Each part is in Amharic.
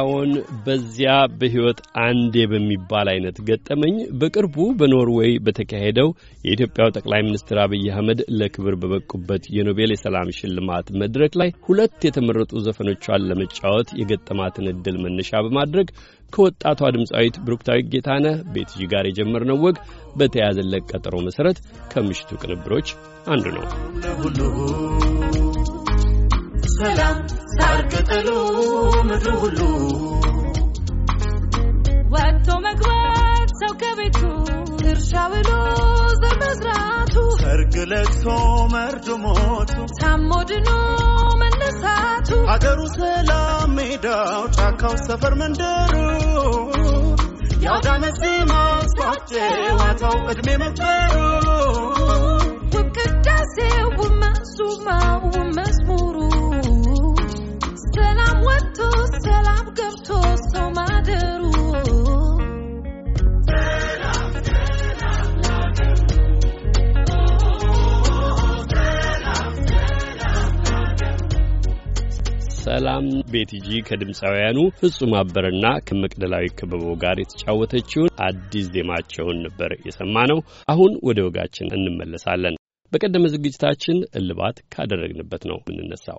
አዎን፣ በዚያ በሕይወት አንዴ በሚባል አይነት ገጠመኝ በቅርቡ በኖርዌይ በተካሄደው የኢትዮጵያው ጠቅላይ ሚኒስትር አብይ አህመድ ለክብር በበቁበት የኖቤል የሰላም ሽልማት መድረክ ላይ ሁለት የተመረጡ ዘፈኖቿን ለመጫወት የገጠማትን ዕድል መነሻ በማድረግ ከወጣቷ ድምፃዊት ብሩክታዊት ጌታነህ ቤትጂ ጋር የጀመርነው ወግ በተያዘለት ቀጠሮ መሠረት ከምሽቱ ቅንብሮች አንዱ ነው። ሰላም ሳር ቅጠሉ ምድሩ ሁሉ ወጥቶ መግባት ሰው ከቤቱ እርሻ ብሎ ዘር መዝራቱ ሰርግ፣ ለቅሶ፣ መርዶ፣ ሞቱ ታሞ ድኖ መነሳቱ ሀገሩ ሰላም ሜዳው ጫካው ሰፈር መንደሩ የአውዳመት ዜማ ስታቸው ዋታው ዕድሜ መክበሩ ውብ ቅዳሴው ውብ መእሱማው ውብ መዝሙሩ ሰላም ገብቶ ሰው ማደሩ ሰላም ቤትጂ ከድምፃውያኑ ፍጹም አበርና ከመቅደላዊ ክበቦ ጋር የተጫወተችውን አዲስ ዜማቸውን ነበር የሰማ ነው። አሁን ወደ ወጋችን እንመለሳለን። በቀደመ ዝግጅታችን እልባት ካደረግንበት ነው የምንነሳው።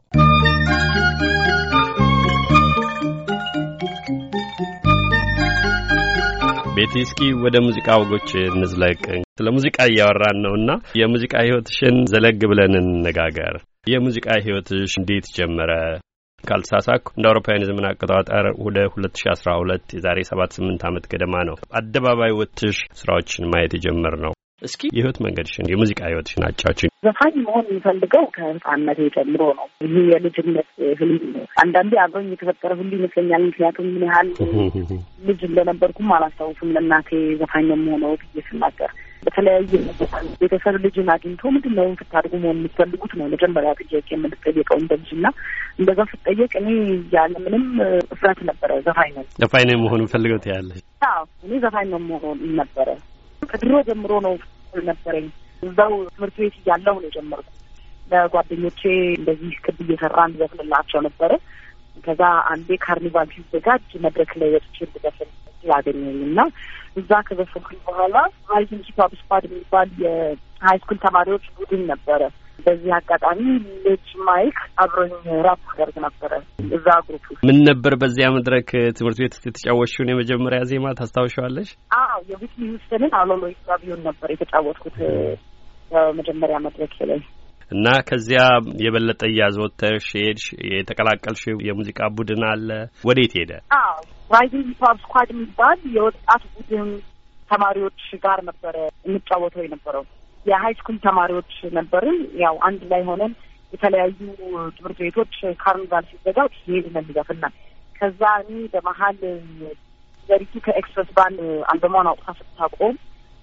ቤቲ፣ እስኪ ወደ ሙዚቃ ወጎች እንዝለቅ። ስለ ሙዚቃ እያወራን ነውና የሙዚቃ ህይወትሽን ዘለግ ብለን እንነጋገር። የሙዚቃ ህይወትሽ እንዴት ጀመረ? ካልተሳሳኩ እንደ አውሮፓውያን የዘመን አቆጣጠር ወደ 2012 የዛሬ 78 ዓመት ገደማ ነው አደባባይ ወጥሽ ስራዎችን ማየት የጀመር ነው። እስኪ የህይወት መንገድሽን የሙዚቃ ህይወትሽን አጫውችን። ዘፋኝ መሆን የሚፈልገው ከህፃንነቴ ጀምሮ ነው። ይህ የልጅነት ህልም አንዳንዴ አብረኝ የተፈጠረ ሁሉ ይመስለኛል። ምክንያቱም ምን ያህል ልጅ እንደነበርኩም አላስታውስም። ለእናቴ ዘፋኝ የምሆነው ብዬ ስናገር በተለያየ ቤተሰብ ልጅን አግኝቶ ምንድን ነው ስታድጉ መሆን የምትፈልጉት ነው መጀመሪያ ጥያቄ የምንጠየቀው እንደ ልጅ እና እንደዛ ስጠየቅ እኔ ያለ ምንም እፍረት ነበረ ዘፋኝ ነው ዘፋኝ ነው መሆን ፈልገው ትያለሽ? እኔ ዘፋኝ ነው መሆን ነበረ ከድሮ ጀምሮ ነው እኩል ነበረኝ። እዛው ትምህርት ቤት እያለሁ ነው የጀመርኩት። ለጓደኞቼ እንደዚህ ክብ እየሰራ እንዘፍንላቸው ነበረ። ከዛ አንዴ ካርኒቫል ሲዘጋጅ መድረክ ላይ ወጥቼ ልዘፍን ያገኘኝ እና እዛ ከዘፈንኩኝ በኋላ ራይዚንግ ሂፕ ሆፕ ስኳድ የሚባል የሀይ ስኩል ተማሪዎች ቡድን ነበረ በዚህ አጋጣሚ ልጅ ማይክ አብሮኝ ራፕ ያደርግ ነበረ እዛ ግሩፕ ምን ነበር በዚያ መድረክ ትምህርት ቤት ውስጥ የመጀመሪያ ዜማ ታስታውሻዋለሽ? አዎ የዊትኒ ሂውስተንን አሎሎ ቢሆን ነበር የተጫወትኩት በመጀመሪያ መድረክ ላይ እና ከዚያ የበለጠ እያዘወተርሽ ሄድሽ። የተቀላቀልሽ የሙዚቃ ቡድን አለ ወዴት ሄደ? አዎ ራይዚንግ ሂፕሆፕ ስኳድ የሚባል የወጣት ቡድን ተማሪዎች ጋር ነበረ የምጫወተው የነበረው የሀይ ስኩል ተማሪዎች ነበርን። ያው አንድ ላይ ሆነን የተለያዩ ትምህርት ቤቶች ካርኒቫል ሲዘጋጅ ይሄድ ነንዘፍና ከዛ እኔ በመሀል ዘሪቱ ከኤክስፕረስ ባንድ አልበሟን አውጥታ ስታቆም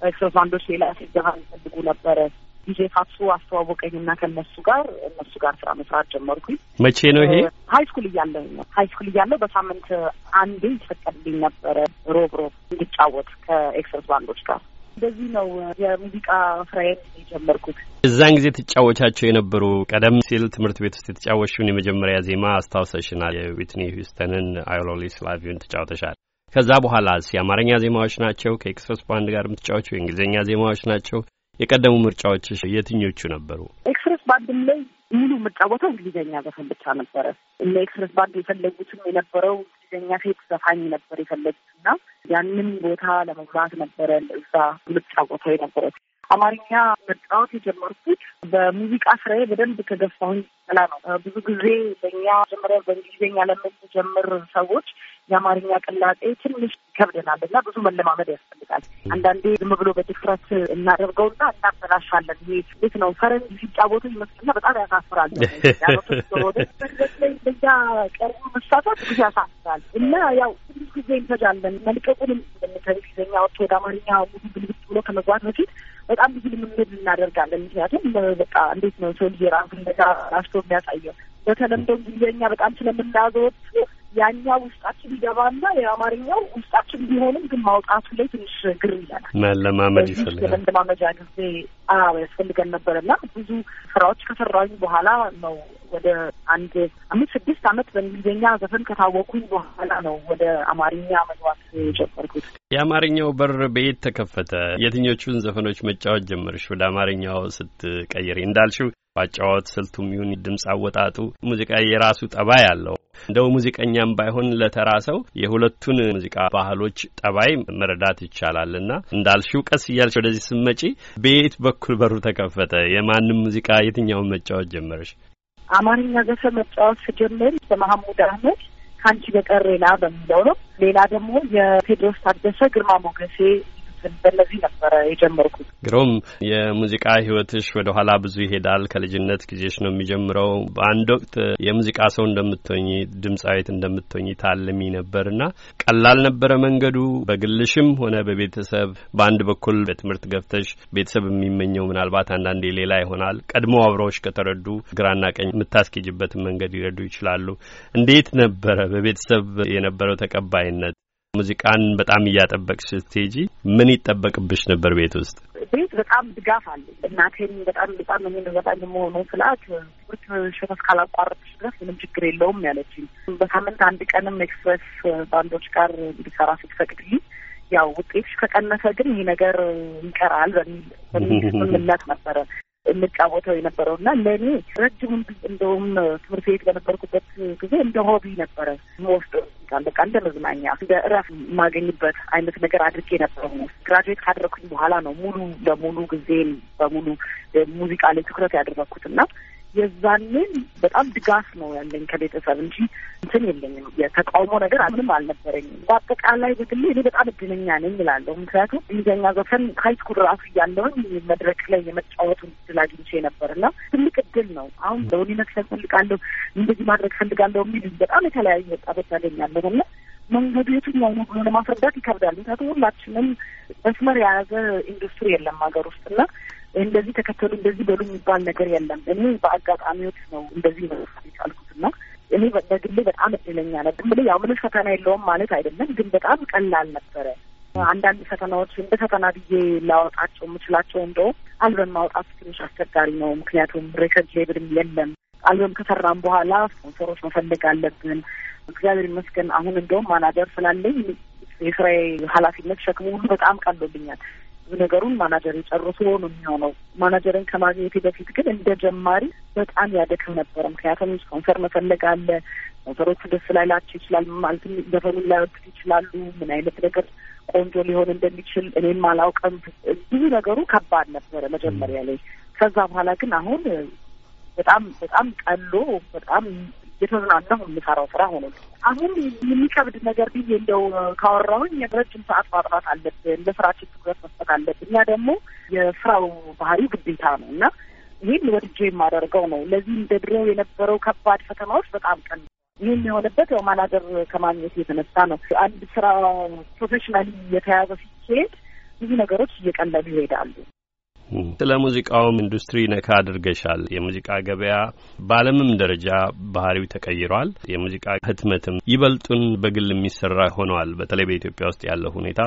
ኤክስፕረስ ባንዶች ሌላ ሲዘፋን ይፈልጉ ነበረ። ጊዜ ፋሱ አስተዋወቀኝና ከነሱ ጋር እነሱ ጋር ስራ መስራት ጀመርኩኝ። መቼ ነው ይሄ? ሀይ ስኩል እያለሁ ነው። ሀይ ስኩል እያለሁ በሳምንት አንዴ ይፈቀድልኝ ነበረ ሮብ ሮብ እንድጫወት ከኤክስፕረስ ባንዶች ጋር እንደዚህ ነው የሙዚቃ ስራዬን የጀመርኩት። እዛን ጊዜ ትጫወቻቸው የነበሩ ቀደም ሲል ትምህርት ቤት ውስጥ የተጫወሽውን የመጀመሪያ ዜማ አስታውሰሽናል። የዊትኒ ሂውስተንን አይሎሊ ስላቪውን ተጫውተሻል። ከዛ በኋላ የአማርኛ ዜማዎች ናቸው ከኤክስፕረስ ባንድ ጋር የምትጫወቸው የእንግሊዝኛ ዜማዎች ናቸው። የቀደሙ ምርጫዎች የትኞቹ ነበሩ? ባንድም ላይ ሙሉ የምጫወተው እንግሊዝኛ ዘፈን ብቻ ነበረ። እና ኤክስፕረስ ባንድ የፈለጉትም የነበረው እንግሊዝኛ ሴት ዘፋኝ ነበር የፈለጉት እና ያንን ቦታ ለመግባት ነበረ እዛ የምጫወተው የነበረት። አማርኛ መጫወት የጀመርኩት በሙዚቃ ስራዬ በደንብ ከገፋሁኝ ላ ነው። ብዙ ጊዜ በእኛ መጀመሪያ በእንግሊዝኛ ለምንጀምር ሰዎች የአማርኛ ቅላጤ ትንሽ ይከብደናል እና ብዙ መለማመድ ያስፈልጋል። አንዳንዴ ዝም ብሎ በድፍረት እናደርገውና እናበላሻለን። ይሄ ቤት ነው ፈረንጅ ሲጫወቱ ይመስልና በጣም ያሳፍራል። በዛ ቀርቡ መሳተፍ ብዙ ያሳፍራል እና ያው ትንሽ ጊዜ እንፈጃለን። መልቀቁንም ከእንግሊዝኛ ወጥቶ ወደ አማርኛ ሙሉ ግልብጥ ብሎ ከመግባት በፊት በጣም ብዙ ልምምድ እናደርጋለን። ምክንያቱም በቃ እንዴት ነው ሰው ልጅ የራሱን ነገር አሽቶ የሚያሳየው በተለምዶ እንግሊዝኛ በጣም ስለምናዘወት ያኛው ውስጣችን ይገባና የአማርኛው ውስጣችን ቢሆንም ግን ማውጣቱ ላይ ትንሽ ግር ይለናል። መለማመድ ይፈልጋል። መለማመጃ ጊዜ ያስፈልገን ነበር እና ብዙ ስራዎች ከሰራኝ በኋላ ነው ወደ አንድ አምስት ስድስት አመት በእንግሊዝኛ ዘፈን ከታወኩኝ በኋላ ነው ወደ አማርኛ መግባት የጀመርኩት። የአማርኛው በር በየት ተከፈተ? የትኞቹን ዘፈኖች መጫወት ጀመርሽ? ወደ አማርኛው ስትቀይሪ እንዳልሽው አጫዋወት ስልቱም ይሁን ድምፅ አወጣጡ ሙዚቃ የራሱ ጠባይ አለው። እንደው ሙዚቀኛም ባይሆን ለተራ ሰው የሁለቱን ሙዚቃ ባህሎች ጠባይ መረዳት ይቻላል። ና እንዳልሽው ቀስ እያልሽ ወደዚህ ስመጪ በየት በኩል በሩ ተከፈተ? የማንም ሙዚቃ የትኛውን መጫወት ጀመረሽ? አማርኛ ዘፈን መጫወት ስጀምር በመሐሙድ አህመድ ከአንቺ በቀር ሌላ በሚለው ነው። ሌላ ደግሞ የቴድሮስ ታደሰ፣ ግርማ ሞገሴ በእነዚህ ነበረ የጀመርኩት። ግሩም የሙዚቃ ህይወትሽ ወደ ኋላ ብዙ ይሄዳል። ከልጅነት ጊዜሽ ነው የሚጀምረው። በአንድ ወቅት የሙዚቃ ሰው እንደምትሆኝ ድምፃዊት እንደምትሆኝ ታልሚ ነበርና ቀላል ነበረ መንገዱ በግልሽም ሆነ በቤተሰብ በአንድ በኩል በትምህርት ገብተሽ ቤተሰብ የሚመኘው ምናልባት አንዳንዴ ሌላ ይሆናል። ቀድሞ አብረዎች ከተረዱ ግራና ቀኝ የምታስኬጅበትን መንገድ ሊረዱ ይችላሉ። እንዴት ነበረ በቤተሰብ የነበረው ተቀባይነት? ሙዚቃን በጣም እያጠበቅሽ ስትሄጂ ምን ይጠበቅብሽ ነበር ቤት ውስጥ? ቤት በጣም ድጋፍ አለ። እናቴም በጣም በጣም ነው በጣም የመሆኑ ስላት ትምህርት ሸፈስ ካላቋረጥሽ ድረስ ምንም ችግር የለውም ያለችኝ። በሳምንት አንድ ቀንም ኤክስፕሬስ ባንዶች ጋር እንዲሰራ ስትፈቅድልኝ ያው ውጤትሽ ከቀነሰ ግን ይህ ነገር ይቀራል በሚል በሚል ስምምነት ነበረ የምጫወተው የነበረው እና ለእኔ ረጅሙን እንደውም ትምህርት ቤት በነበርኩበት ጊዜ እንደ ሆቢ ነበረ ወስዶ በቃ እንደ መዝናኛ እንደ እረፍት የማገኝበት አይነት ነገር አድርጌ ነበረ። ግራጁዌት ካደረኩኝ በኋላ ነው ሙሉ ለሙሉ ጊዜን በሙሉ ሙዚቃ ላይ ትኩረት ያደረግኩት እና የዛንን በጣም ድጋፍ ነው ያለኝ ከቤተሰብ እንጂ እንትን የለኝም። የተቃውሞ ነገር ምንም አልነበረኝም። በአጠቃላይ በግሌ እኔ በጣም እድለኛ ነኝ እላለሁ። ምክንያቱም እንግሊዝኛ ዘፈን ሀይስኩል ራሱ እያለውን መድረክ ላይ የመጫወቱን እድል አግኝቼ ነበር እና ትልቅ እድል ነው። አሁን ለሆነ መክሰል ፈልጋለሁ፣ እንደዚህ ማድረግ ፈልጋለሁ የሚል በጣም የተለያዩ ወጣቶች ያገኛለሁ እና መንገዱ የትኛው ነው ብሎ ለማስረዳት ይከብዳል። ምክንያቱም ሁላችንም መስመር የያዘ ኢንዱስትሪ የለም ሀገር ውስጥ እና እንደዚህ ተከተሉ እንደዚህ በሉ የሚባል ነገር የለም። እኔ በአጋጣሚዎች ነው እንደዚህ መሳት የቻልኩት እና እኔ በግሌ በጣም እድለኛ ነ ብለ ያው ፈተና የለውም ማለት አይደለም፣ ግን በጣም ቀላል ነበረ። አንዳንድ ፈተናዎች እንደ ፈተና ብዬ ላወጣቸው የምችላቸው እንደውም አልበም ማውጣት ትንሽ አስቸጋሪ ነው። ምክንያቱም ሬከርድ ሌብልም የለም። አልበም ከሰራም በኋላ ስፖንሰሮች መፈለግ አለብን። እግዚአብሔር ይመስገን አሁን እንደውም ማናጀር ስላለኝ የስራዬ ኃላፊነት ሸክሙ ሁሉ በጣም ቀሎልኛል። ነገሩን ማናጀር የጨርሶ ነው የሚሆነው። ማናጀርን ከማግኘቴ በፊት ግን እንደ ጀማሪ በጣም ያደክም ነበረ። ምክንያቱም ስፖንሰር መፈለግ አለ። ስፖንሰሮቹ ደስ ላይ ላቸው ይችላል፣ ማለትም ዘፈኑን ላይወዱት ይችላሉ። ምን አይነት ነገር ቆንጆ ሊሆን እንደሚችል እኔም አላውቅም። ብዙ ነገሩ ከባድ ነበረ መጀመሪያ ላይ። ከዛ በኋላ ግን አሁን በጣም በጣም ቀሎ በጣም የተዝናናሁ የምሰራው ስራ ሆነ። አሁን የሚከብድ ነገር ብዬ እንደው ካወራሁኝ ረጅም ሰዓት ማጥራት አለብን፣ ለስራችን ትኩረት መስጠት አለብን። እኛ ደግሞ የስራው ባህሪ ግዴታ ነው እና ይህን ወድጄ የማደርገው ነው። ለዚህ እንደ ድሮው የነበረው ከባድ ፈተናዎች በጣም ቀን ይህም የሆነበት ያው ማናጀር ከማግኘት የተነሳ ነው። አንድ ስራ ፕሮፌሽናል የተያዘ ሲሄድ ብዙ ነገሮች እየቀለሉ ይሄዳሉ። ስለ ሙዚቃውም ኢንዱስትሪ ነካ አድርገሻል። የሙዚቃ ገበያ በዓለምም ደረጃ ባህሪው ተቀይሯል። የሙዚቃ ህትመትም ይበልጡን በግል የሚሰራ ሆኗል። በተለይ በኢትዮጵያ ውስጥ ያለው ሁኔታ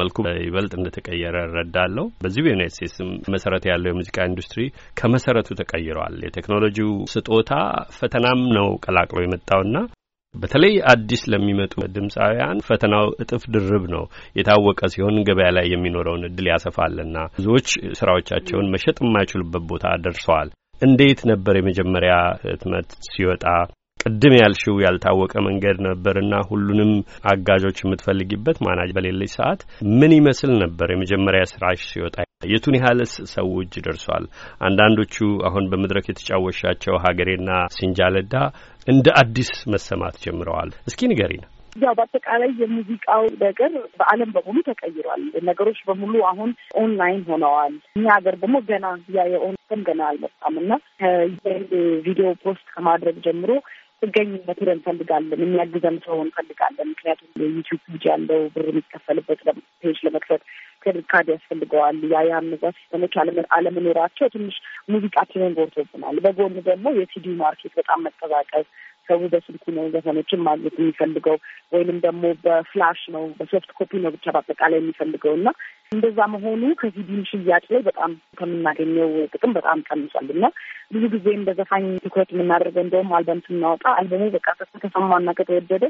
መልኩ ይበልጥ እንደተቀየረ እረዳለሁ። በዚህ በዩናይት ስቴትስም መሰረት ያለው የሙዚቃ ኢንዱስትሪ ከመሰረቱ ተቀይሯል። የቴክኖሎጂው ስጦታ ፈተናም ነው ቀላቅሎ የመጣውና በተለይ አዲስ ለሚመጡ ድምፃውያን ፈተናው እጥፍ ድርብ ነው። የታወቀ ሲሆን ገበያ ላይ የሚኖረውን እድል ያሰፋልና ብዙዎች ስራዎቻቸውን መሸጥ የማይችሉበት ቦታ ደርሰዋል። እንዴት ነበር የመጀመሪያ ህትመት ሲወጣ? ቅድም ያልሽው ያልታወቀ መንገድ ነበርና ሁሉንም አጋዦች የምትፈልጊበት ማናጅ በሌለች ሰዓት ምን ይመስል ነበር የመጀመሪያ ስራሽ ሲወጣ? የቱን ያህልስ ሰው እጅ ደርሷል? አንዳንዶቹ አሁን በመድረክ የተጫወሻቸው ሀገሬና ሲንጃለዳ እንደ አዲስ መሰማት ጀምረዋል። እስኪ ንገሪ ንገሪን። ያው በአጠቃላይ የሙዚቃው ነገር በዓለም በሙሉ ተቀይሯል። ነገሮች በሙሉ አሁን ኦንላይን ሆነዋል። እኛ ሀገር ደግሞ ገና ያ የኦንላይን ገና አልመጣም እና ቪዲዮ ፖስት ከማድረግ ጀምሮ ጥገኝነት ሄደን እንፈልጋለን። የሚያግዘን ሰው እንፈልጋለን። ምክንያቱም የዩቲዩብ ልጅ ያለው ብር የሚከፈልበት ፔጅ ለመክፈት ትክክል ካድ ያስፈልገዋል። ያ ያ ሲስተሞች አለመኖራቸው ትንሽ ሙዚቃችንን ጎርቶብናል። በጎን ደግሞ የሲዲ ማርኬት በጣም መቀዛቀዝ ሰው በስልኩ ነው ዘፈኖችን ማግኘት የሚፈልገው ወይንም ደግሞ በፍላሽ ነው በሶፍት ኮፒ ነው ብቻ በአጠቃላይ የሚፈልገው እና እንደዛ መሆኑ ከሲዲም ሽያጭ ላይ በጣም ከምናገኘው ጥቅም በጣም ቀንሷል እና ብዙ ጊዜም በዘፋኝ ትኩረት የምናደርገው እንደውም አልበም ስናወጣ አልበሙ በቃ ከተሰማና ከተወደደ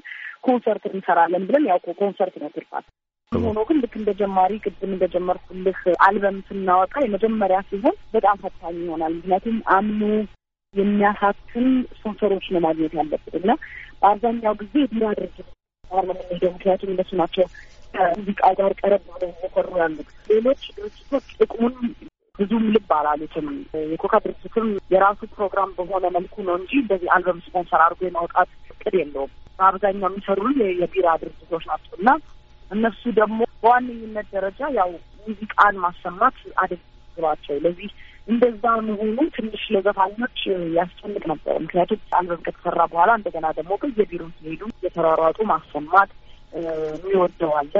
ኮንሰርት እንሰራለን ብለን ያው ኮንሰርት ነው ትርፋት ሆኖ ግን ልክ እንደ ጀማሪ ቅድም እንደጀመርኩልህ አልበም ስናወጣ የመጀመሪያ ሲሆን በጣም ፈታኝ ይሆናል። ምክንያቱም አምኑ የሚያሳትን ስፖንሰሮች ነው ማግኘት ያለብን እና በአብዛኛው ጊዜ ቢራ ድርጅት ምክንያቱም እነሱ ናቸው ሙዚቃ ጋር ቀረብ ወደ እየሰሩ ያሉት። ሌሎች ድርጅቶች ጥቅሙን ብዙም ልብ አላሉትም። የኮካ ድርጅትም የራሱ ፕሮግራም በሆነ መልኩ ነው እንጂ እንደዚህ አልበም ስፖንሰር አድርጎ የማውጣት እቅድ የለውም። በአብዛኛው የሚሰሩ የቢራ ድርጅቶች ናቸው እና እነሱ ደግሞ በዋነኝነት ደረጃ ያው ሙዚቃን ማሰማት አደግ ለዚህ እንደዛ መሆኑ ትንሽ ለዘፋኞች ያስጨንቅ ነበር። ምክንያቱም አልበም ከተሰራ በኋላ እንደገና ደግሞ በየቢሮ ሲሄዱ የተሯሯጡ ማሰማት የሚወደው አለ፣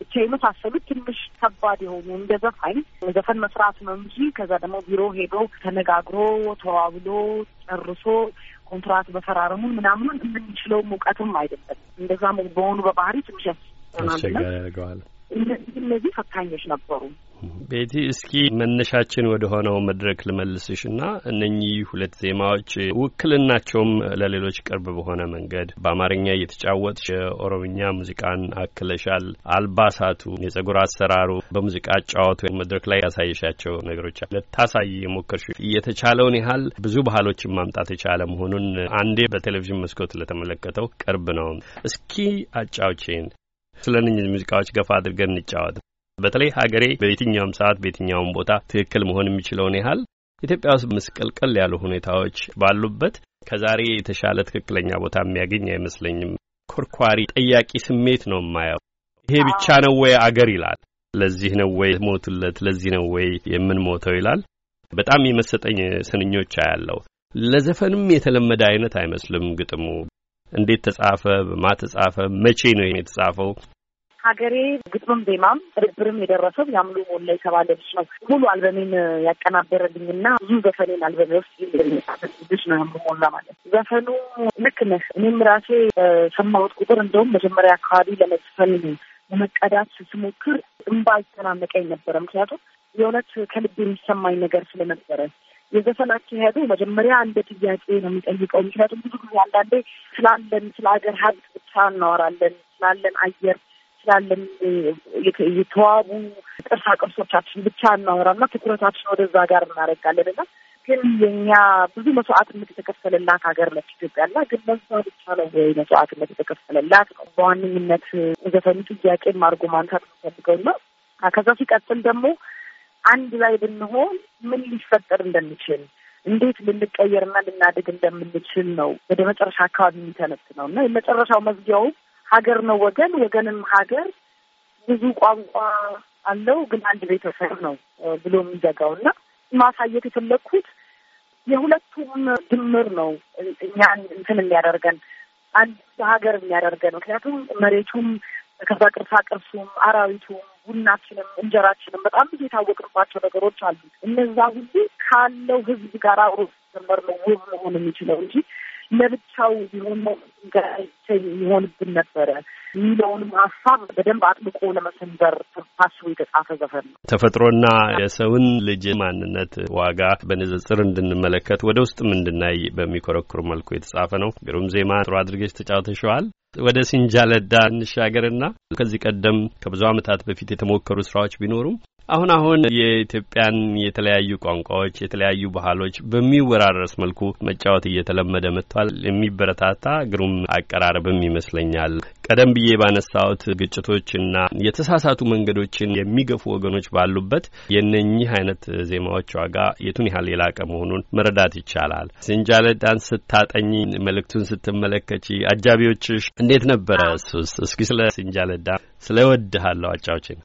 ብቻ የመሳሰሉት ትንሽ ከባድ የሆኑ እንደ ዘፋኝ ዘፈን መስራት ነው እንጂ ከዛ ደግሞ ቢሮ ሄዶ ተነጋግሮ ተዋብሎ ጨርሶ ኮንትራት በፈራረሙን ምናምኑን የምንችለው እውቀትም አይደለም። እንደዛ በሆኑ በባህሪ ትንሽ ያስቸናል። እነዚህ እነዚህ ፈታኞች ነበሩ። ቤቲ እስኪ መነሻችን ወደ ሆነው መድረክ ልመልስሽ ና እነኚህ ሁለት ዜማዎች ውክልናቸውም ለሌሎች ቅርብ በሆነ መንገድ በአማርኛ እየተጫወትሽ የኦሮምኛ ሙዚቃን አክለሻል። አልባሳቱ፣ የጸጉር አሰራሩ፣ በሙዚቃ አጫወቱ መድረክ ላይ ያሳየሻቸው ነገሮች ልታሳይ የሞከርሽ እየተቻለውን ያህል ብዙ ባህሎችን ማምጣት የቻለ መሆኑን አንዴ በቴሌቪዥን መስኮት ለተመለከተው ቅርብ ነው። እስኪ አጫውቼን ስለ እነኝህ ሙዚቃዎች ገፋ አድርገን እንጫወት። በተለይ ሀገሬ በየትኛውም ሰዓት በየትኛውም ቦታ ትክክል መሆን የሚችለውን ያህል ኢትዮጵያ ውስጥ ምስቅልቅል ያሉ ሁኔታዎች ባሉበት ከዛሬ የተሻለ ትክክለኛ ቦታ የሚያገኝ አይመስለኝም። ኮርኳሪ ጠያቂ ስሜት ነው የማየው። ይሄ ብቻ ነው ወይ አገር ይላል። ለዚህ ነው ወይ ሞቱለት፣ ለዚህ ነው ወይ የምንሞተው ይላል። በጣም የመሰጠኝ ስንኞች አያለው። ለዘፈንም የተለመደ አይነት አይመስልም ግጥሙ እንዴት ተጻፈ? በማን ተጻፈ? መቼ ነው የተጻፈው? ሀገሬ ግጥምም ዜማም ቅንብርም የደረሰው ያምሉ ሞላ የተባለ ልጅ ነው። ሙሉ አልበሜን ያቀናበረልኝ ያቀናበረልኝና ብዙ ዘፈኔን አልበሜ ውስጥ ልጅ ነው ያምሉ ሞላ ማለት ዘፈኑ ልክ ነህ። እኔም ራሴ ሰማሁት ቁጥር እንደውም መጀመሪያ አካባቢ ለመዝፈን ለመቀዳት ስሞክር እምባ ይተናነቀኝ ነበረ። ምክንያቱም የእውነት ከልብ የሚሰማኝ ነገር ስለነበረ የዘፈን አካሄዱ መጀመሪያ እንደ ጥያቄ ነው የሚጠይቀው። ምክንያቱም ብዙ ጊዜ አንዳንዴ ስላለን ስለ ሀገር ሀብት ብቻ እናወራለን፣ ስላለን አየር፣ ስላለን የተዋቡ ቅርሳ ቅርሶቻችን ብቻ እናወራና ትኩረታችን ወደዛ ጋር እናደርጋለን እና ግን የኛ ብዙ መስዋዕትነት የተከፈለላት ሀገር ነች ኢትዮጵያ እና ግን በዛ ብቻ ነው ወይ መስዋዕትነት የተከፈለላት? በዋነኝነት ዘፈኑ ጥያቄ አድርጎ ማንሳት የምፈልገው ነው። ከዛ ሲቀጥል ደግሞ አንድ ላይ ብንሆን ምን ሊፈጠር እንደሚችል እንዴት ልንቀየርና ልናድግ እንደምንችል ነው ወደ መጨረሻ አካባቢ ነው እና የመጨረሻው መዝጊያው ሀገር ነው። ወገን ወገንም ሀገር ብዙ ቋንቋ አለው፣ ግን አንድ ቤተሰብ ነው ብሎ የሚዘጋው እና ማሳየት የፈለግኩት የሁለቱም ድምር ነው እኛን እንትን የሚያደርገን አንድ ሀገር የሚያደርገን ምክንያቱም መሬቱም ከዛ ቅርሳ ቅርሱም አራዊቱም ቡናችንም እንጀራችንም በጣም ብዙ የታወቅንባቸው ነገሮች አሉ። እነዛ ሁሉ ካለው ህዝብ ጋር አብሮ ጀመር ነው ውብ መሆን የሚችለው እንጂ ለብቻው ቢሆን ይሆንብን ነበረ የሚለውንም ሀሳብ በደንብ አጥብቆ ለመሰንበር ታስቦ የተጻፈ ዘፈን ነው። ተፈጥሮና የሰውን ልጅ ማንነት ዋጋ በንጽጽር እንድንመለከት ወደ ውስጥም እንድናይ በሚኮረኩር መልኩ የተጻፈ ነው። ግሩም ዜማ ጥሩ አድርገሽ ተጫውተሸዋል። ወደ ሲንጃለዳ እንሻገርና ከዚህ ቀደም ከብዙ ዓመታት በፊት የተሞከሩ ስራዎች ቢኖሩም አሁን አሁን የኢትዮጵያን የተለያዩ ቋንቋዎች የተለያዩ ባህሎች በሚወራረስ መልኩ መጫወት እየተለመደ መጥቷል። የሚበረታታ ግሩም አቀራረብም ይመስለኛል። ቀደም ብዬ ባነሳሁት ግጭቶችና የተሳሳቱ መንገዶችን የሚገፉ ወገኖች ባሉበት የነኚህ አይነት ዜማዎች ዋጋ የቱን ያህል የላቀ መሆኑን መረዳት ይቻላል። ስንጃለዳን ስታጠኝ መልእክቱን ስትመለከች አጃቢዎችሽ እንዴት ነበረ? እሱስ እስኪ ስለ ስንጃለዳ ስለ አጫዎችን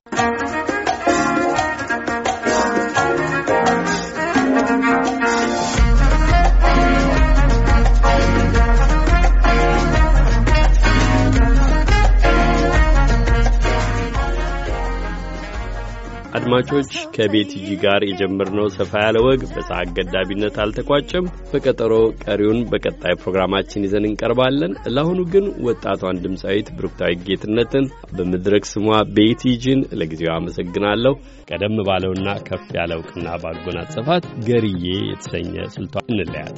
አድማጮች ከቤት ጋር የጀመርነው ሰፋ ያለ ወግ በሰዓት ገዳቢነት አልተቋጨም። በቀጠሮ ቀሪውን በቀጣይ ፕሮግራማችን ይዘን እንቀርባለን። ለአሁኑ ግን ወጣቷን ድምፃዊት ብሩክታዊት ጌትነትን በመድረክ ስሟ ቤቲጂን ለጊዜው አመሰግናለሁ። ቀደም ባለውና ከፍ ያለ እውቅና ባጎናጸፋት ገርዬ የተሰኘ ስልቷ እንለያት።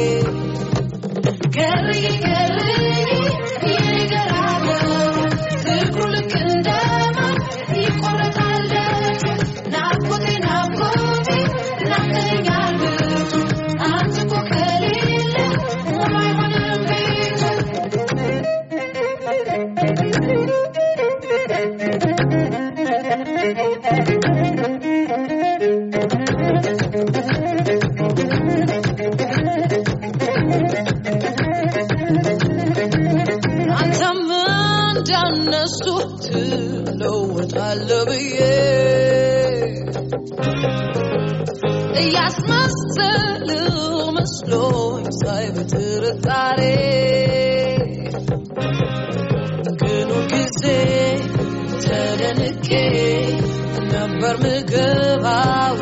ነበር ምገባው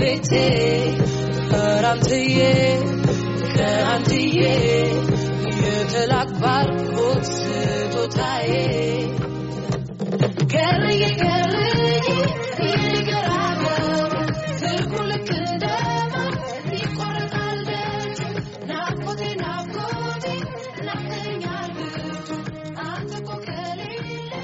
ቤቴ ፈራንትዬ ከአንትዬ የተላክባርኩት ስጦታዬ ገርዬ ገር